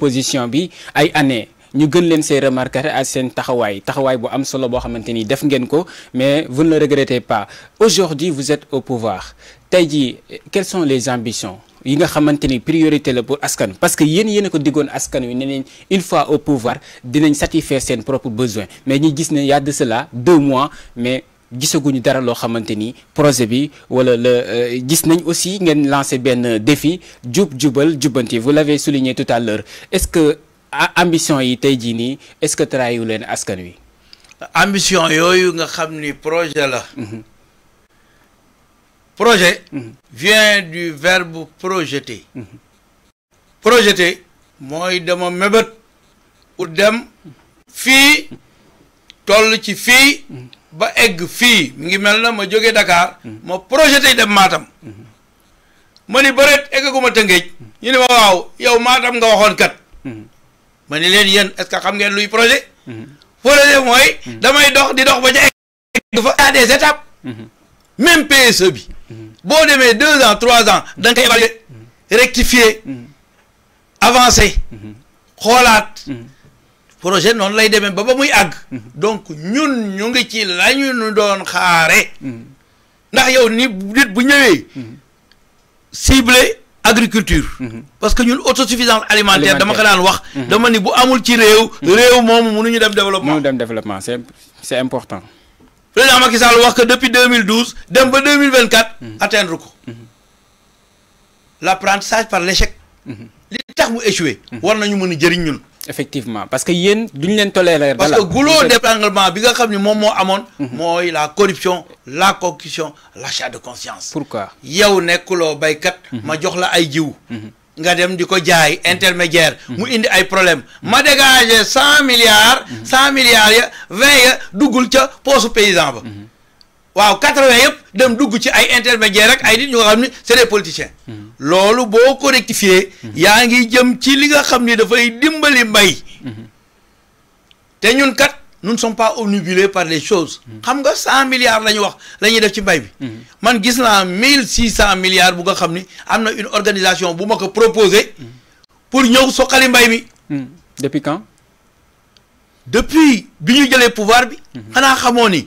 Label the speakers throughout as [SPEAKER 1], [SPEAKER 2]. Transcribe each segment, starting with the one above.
[SPEAKER 1] position bi ay année ñu gën leen see remarquer à sen taxaway taxaway bu am solo bo xamanteni def ngeen ko mais vous ne regrettez pas aujourd'hui vous êtes au pouvoir tay ji quelles sont les ambitions yi nga xamanteni priorité la pour askan parce que yeen en a ko diggoon askan wi ne une fois au pouvoir dinañ satisfaire ses propre besoin mais ñi gis ne y a de cela deux mois mais gisaguñu dara lo xamanteni projet bi wala le euh, gis nañ aussi ngeen lancer ben défi djub djubal djubanti vous l'avez souligné tout à l'heure est-ce que ambition yi tey ni est-ce que trahiwu len askan wi
[SPEAKER 2] ambition yoyu nga xamni projet la mhm. projet mhm. vient du verbe projeter mhm. projeter moy dama mebet ou dem fi toll ci fi ba egg fii mu ngi mel na ma jógee Dakar ma projeté dem Matam ma ni bëreet eggaguma Tëngéej ñu ne ma waaw yow Matam nga waxoon kat ma ni leen yéen est xam ngeen luy projet projet mooy damay dox di dox ba ca egg fa à des étapes même PSE bi boo demee deux ans trois ans da nga koy évaluer rectifier avancer xoolaat projet non lay démé ba ba muy àgg. donc ñun ñu ngi ci lañu ñu doon xaare ndax yow ni nit bu ñëwé ciblé agriculture. parce que ñun autosuffisance alimentaire dama ko daan wax. dama ni bu amul ci réew. Mm-hmm. Mm-hmm. réew mënu ñu dem développement mënuñu dem développement c'est c'est important. président Macky Sall wax que depuis 2012 dem ba 2024. Mm-hmm. atteindre ko. l'apprentissage par l'échec. li tax mu échoué. war nañu mëna a jëriñ ñun effectivement parce que yen duñ pas tolérer parce que goulot d'étranglement bi nga mhm. la corruption la concussion l'achat de conscience pourquoi yow nekkuloo baykat mhm. ma jox la ay jiw mhm. nga dem di jaay intermédiaire mu indi ay problème ma dégagé 100 milliards 100 milliards veille, vingt pour ce pays waaw quatre-vingt yëpp dem dugg ci ay intermédiaire ak ay nit ñu nga xam ne c'est des politiciens mm-hmm. loolu boo ko mm-hmm. yaa ngi jëm ci li nga xam ni dafay dimbali mbay mm-hmm. te ñun kat nous ne sommes pas obnubilés par les choses xam nga cent milliards la ñu wax lañuy def ci mbay bi man gis naa mille six cent milliards bu nga xam ni am na une organisation bu ma ko proposé pour ñëw soqali mbay mi depuis quand depuis bi ñu jëlee pouvoir bi xanaa xamoo ni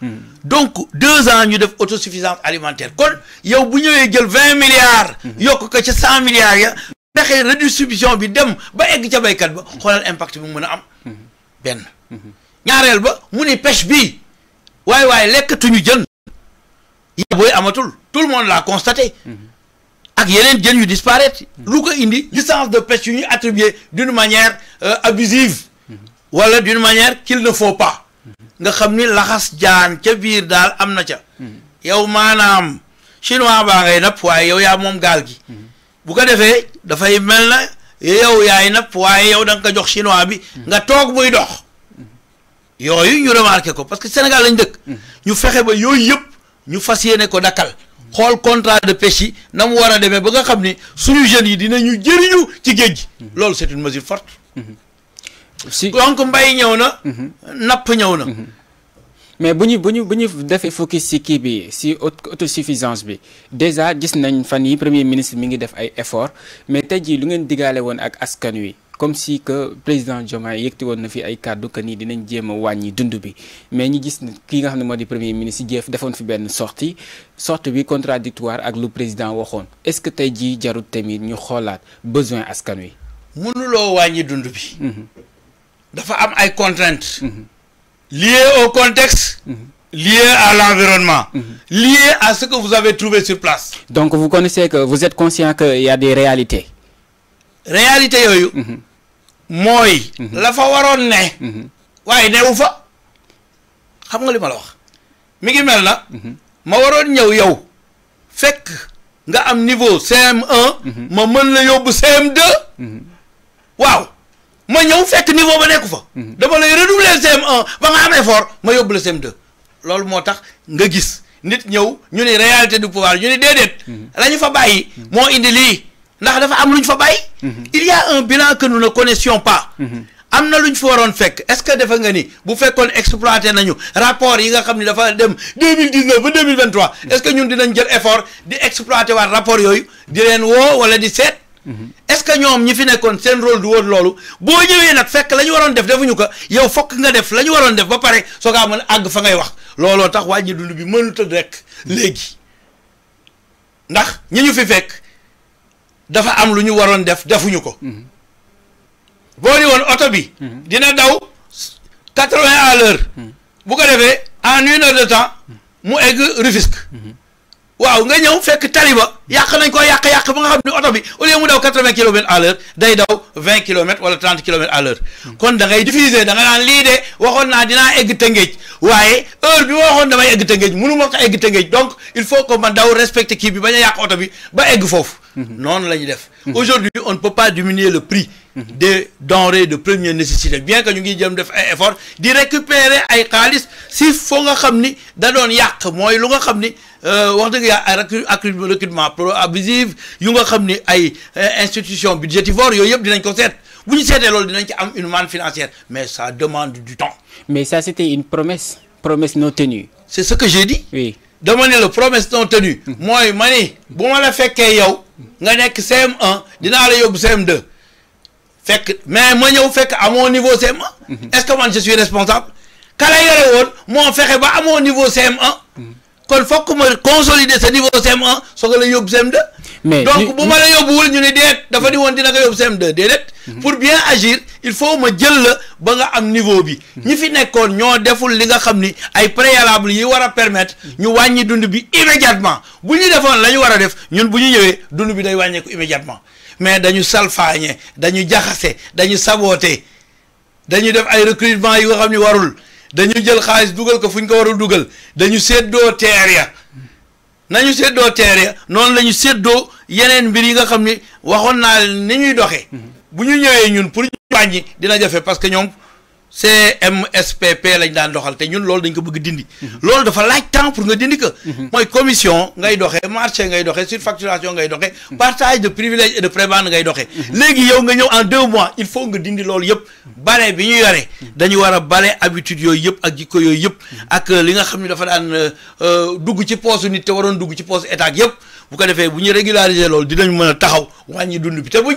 [SPEAKER 2] Hmm. donc deux ans de autosuffisance alimentaire Quand il y a jël milliards. Hmm. y a ci 100 milliards ya. redistribution bi ba ba on impact a am. Hmm. pêche Il tout le monde l'a constaté. ak yeneen disparaître. lu ko licence de pêche d'une manière euh, abusive. wala d'une manière qu'il ne faut pas. nga xam ni laxas jaan ca biir daal am na ca yow maanaam chinois baa ngay napp waaye yow yaa moom gaal gi bu ko defee dafay mel na yow yaay napp waaye yow da nga jox chinois bi nga toog buy dox yooyu ñu remarqué ko parce que Sénégal lañ dëkk ñu fexe ba yooyu yëpp ñu fas yéene ko dakal xool contrat de pêche yi na mu war a demee ba nga xam ni suñu jeunes yi dinañu jëriñu ci géej gi loolu c'est une mesure forte si donc mbay ñëw na. Mhm. nap ñëw na. Mhm.
[SPEAKER 1] mais buñu buñu buñu défé focus si ki bi ci autosuffisance bi déjà gis nañ fan yi premier ministre mi ngi def ay effort mais tey jii lu ngeen digalé won ak askan wi comme si que président Joma yëkkati woon na fi ay cadeau que ni dinañ jema wañi dundu bi mais ñi gis ki nga xamne modi premier ministre Dièye defoon fi ben sortie sortie bi contradictoire ak lu président waxoon est-ce que tey jii jarut tamit ñu xolaat besoin askan wi. mënuloo
[SPEAKER 2] wañi dundu bi. Mhm dafa am ay contraintes. Mhm. liées au contexte. Mhm. lié à l'environnement, mhm. liées à ce que vous avez trouvé sur place.
[SPEAKER 1] Donc vous connaissez que vous êtes conscient qu'il y a des réalités.
[SPEAKER 2] Réalité yoyu. Moi, la fa waron ne. way ne fa Xam nga lima wax. Mi ngi mel na ma waron ñew yow fekk nga am niveau CM1 ma mën la yobbu CM2. Waaw ma ñëw fekk niveau ba nekku fa. Mhm. dama lay redoubler CM1 ba nga am effort ma yóbbu la CM2 loolu moo tax nga gis nit ñëw ñu ni réalité du pouvoir ñu ni déedéet. Mhm. la ñu fa bàyyi. Mhm. moo indi lii ndax dafa am lu fa bàyyi. il y a un bilan que nous ne connaissions pas. am na lu ñu fa fekk est-ce que defe nga ni bu fekkoon exploité nañu rapport yi nga xam ni dafa dem deux mille dix-neuf ba deux est-ce que ñun dinañ jël effort di exploité waat rapport yooyu di leen woo wala di seet. Mm-hmm. est-ce que ñoom ñi fi nekkoon seen rôle du woon loolu boo ñëwee nag fekk la ñu waroon def defuñu ko yow fokk nga def la ñu waroon def ba pare soo gaa àgg fa ngay wax looloo tax wàññi dund bi mënut a rek léegi ndax ñi ñu fi fekk dafa am lu ñu waroon def defuñu ko mm-hmm. boo ni woon oto bi mm-hmm. dina daw quatre-vingts à l'heure bu ko defee en une heure de temps mu egg Rufisque waaw nga ñëw fekk tali ba yàq nañ ko yàq-yàq ba nga xam ne oto bi au lieu mu daw quatre-vingts kilomètres à l'heure day daw vingt kilomètres wala trente kilomètres à l'heure hmm. kon da ngay diffuser da nga naan lii de waxoon naa dinaa egg tëngéej waaye heure bi ma waxoon damay egg tëngéej mënu ma ko egg tëngéej donc il faut que ma daw respecter kii bi bañ a yàq oto bi ba egg foofu Mhm. Non la mhm. aujourd'hui on ne peut pas diminuer le prix mhm. des denrées de première nécessité bien que nous ayons fait un effort de récupérer les si vous nga xam da doon euh, recrutement abusif yu nga euh, institution budgétivore il dinañ ko une manne financière mais ça demande du temps mais ça c'était une promesse promesse non tenue c'est ce que j'ai dit oui Demandez-le, promesse non tenue Moi, je suis un peu la que nga suis CM1 mais moi, je à mon niveau CM1 mm-hmm. est-ce que moi je suis responsable ka la à mon niveau CM1 mm-hmm. consolider ce niveau CM1 mais donc bu ma la yóbbuwul ñu ne déet dafa di woon dina nga yóbbu seen 2 déedéet. Mhm. pour bien agir il faut ma jël la ba nga am niveau bi. Mhm. ñi fi nekkoon ñoo deful li nga xam ni ay préalable yi war a permettre mhm. ñu wàññi dund bi immédiatement bu ñu defoon lañu ñu war a def ñun bu ñu ñëwee dund bi day wàññeeku immédiatement mais dañu salfaañe dañu jaxase dañu saboote dañu def ay recrutement yi nga xam ni warul dañu jël xaalis dugal ko fu ñu ko warul dugal dañu séddoo teer ya nañu séddoo teer ya noonu la ñu séddoo yeneen mbir yi nga xam ni waxoon naa ni ñuy doxee mm-hmm. bu ñu ñëwee ñun pour ñu wàññi dina jafe parce que ñoom CMSPP lañ daan doxal te ñun loolu dañ ko bëgg dindi. loolu dafa laaj temps pour nga dindi ko. mooy commission ngay doxee marché ngay doxee surfacturation ngay doxee. partage de privilèges et de prébende ngay doxee. léegi yow nga ñëw en deux mois il faut nga dindi loolu yëpp bare bi ñu yore. dañu war a bale habitude yooyu yëpp ak jikko yooyu yëpp. ak euh, li nga xam ne dafa daan euh, euh, dugg ci poosu nit te waroon dugg ci poosu état yëpp bu ko defee bu ñu régulariser loolu dinañ mën a taxaw wàññi dund bi te buñ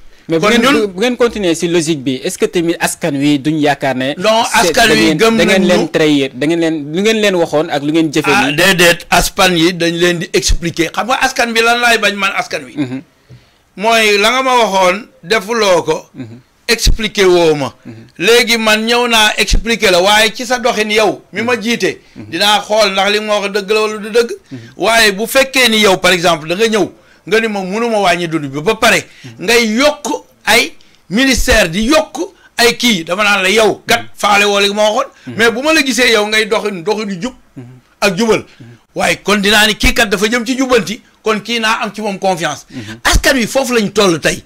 [SPEAKER 2] mais bu ngeen
[SPEAKER 1] bu ngeen continuer si logique bi est-ce que tamit askan wi duñ yakarne
[SPEAKER 2] non askan wi gëm nañu da ngeen len trahir da ngeen len lu ngeen len waxone ak lu ngeen. jëfee ah déedéet aspan yi dañ len di expliquer xam nga askan bi lan lay bañ man askan wi. moy mhm. la nga ma waxone defuloko mhm. expliquer woo ma. Mhm. man ñëw naa expliquer la waye ci sa doxin yow mi ma jité dina xol ndax li ma wax dëgg la wala du deug waye bu fekkee ni yow par exemple da nga ñëw. nga ni ma mënuma wàññi dund bi ba pare ngay yokk ay ministère di yokk ay kii dama naan la yow kat faale woo moo ma mais bu ma la gisee yow ngay doxin doxinu jub ak jubal waaye kon dinaa ni kii kat dafa jëm ci jubal jubbanti kon kii naa am ci moom confiance askan wi foofu lañ toll tey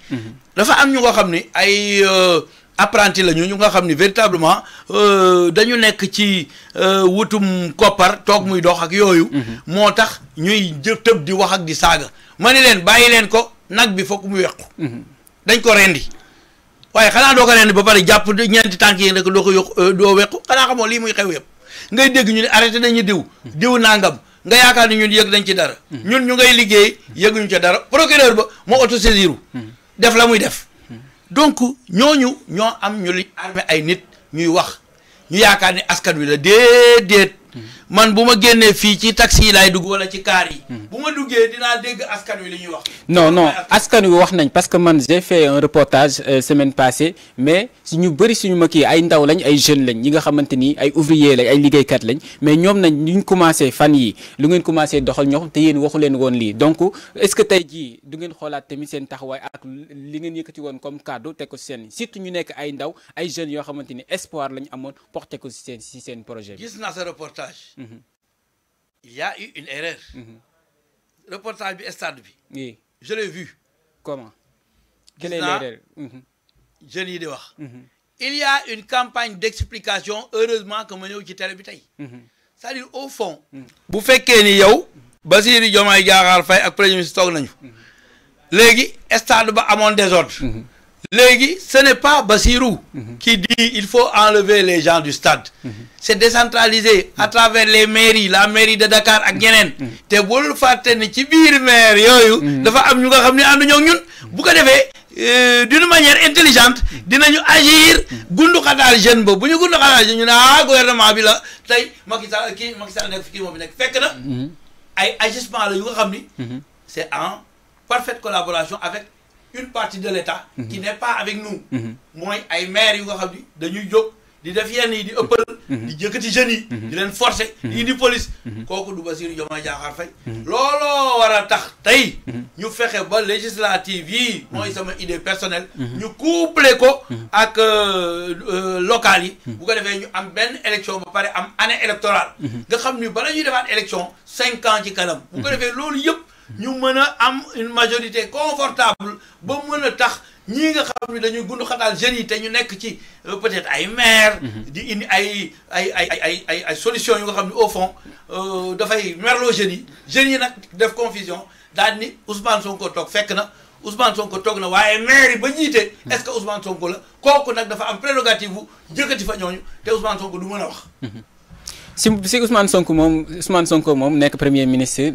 [SPEAKER 2] dafa am ñu nga xam ne ay euh, apprenti lañu ñu nga xam ni véritablement euh, dañu nekk ci euh, wutum koppar toog muy dox ak yooyu mm-hmm. moo tax ñuy tëb di wax ak di saaga ma ni leen bàyyi leen ko nag bi foog mu wequ mhm. dañ ko rendi waaye xanaa doo ko rendi ba pare jàpp ñeenti tànk yi rek doo ko yokk euh, doo wequ xanaa xamoo lii muy xew yëpp ngay dégg ñu ne arrêté nañu diw mhm. diw nangam nga yaakaar ni ñun yëg dañ ci dara mhm. ñun ñu ngay liggéey yëguñu ca dara procureur ba moo autosaisir def la muy def donc ñooñu ñoo am ñu li armé ay nit ñuy wax ñu yaakaar ni askan wi la déedéet man buma ma fi ci taxi lay laay dugg wala ci car yi. Hmm. buma duggé dina dégg askan wi li wax. non non askan wi
[SPEAKER 1] wax nañ parce que man j'ai fait un reportage euh, semaine passée mais si ñu bari suñu mag yi ay ndaw lañ ay jeunes lañ yi nga xamante ni ay ouvrier lañ ay kat lañ mais ñom nañ ñu commencé fan yi lu ngeen commencé doxal ñoom te yeen waxu leen woon lii donc est-ce que tay ji du ngeen xoolaat tamit seen taxaway ak li ngeen yëkëti won comme cadeau teg ko si seen surtout ñu nekk ay ndaw ay jeunes yo xamante ni espoir lañ amone porté ko si seen ci seen projet gis
[SPEAKER 2] na sa reportage. Mhm. Il y a eu une erreur. Mhm. Reportage du stade. Oui. Je l'ai vu. Comment Quelle est l'erreur Je l'ai dit. Il y a une campagne d'explication, heureusement, que nous ci télé bi tey. Mhm. c'est-à-dire au fond. bu fekkee ni yow. Bassirou Diomaye Diakhar Faye ak premier ministre toog nañu. légui stade ba amoon désordre léegi ce n'est pas Bassirou mhm. qui dit il faut enlever les gens du stade mhm. c'est décentralisé à mhm. travers les mairies la mairie de Dakar ak ñeneen te bul fàtte ni ci biir maire yooyu dafa am ñu nga xam ne ànduñoo ñun bu ko euh, d'une manière intelligente dinañu agir gundu xataal jeune ba bu ñu gundu xataal jeune ñu ne ah gouvernement bi la tey Macky Sall kii Macky Sall nekk fi fekk na ay agissement la c'est en parfaite collaboration avec une partie de l'État mhm. qui n'est pas avec nous. Mhm. Moi, les maires, nous avons dit, de New York, de de Apple, de Jacques Tijani, de l'enforcer, de la police. Quoi que nous disions, nous avons dit, Lolo, voilà, nous avons fait une bonne législative, moi, c'est une idée personnelle, nous mhm. couplons avec euh, le euh, local, vous avez fait une belle élection, vous avez fait une année électorale. Nous avons fait une bonne élection, 5 ans, vous avez fait l'eau, nous avons une majorité confortable tax nous avons dañuy euh, peut-être maire mm-hmm. solution fond euh, confusion Ousmane Sonko Ousmane Sonko mm-hmm. est-ce que Ousmane Sonko la prérogative Ousmane Sonko mm-hmm.
[SPEAKER 1] si Ousmane Sonko Ousmane premier ministre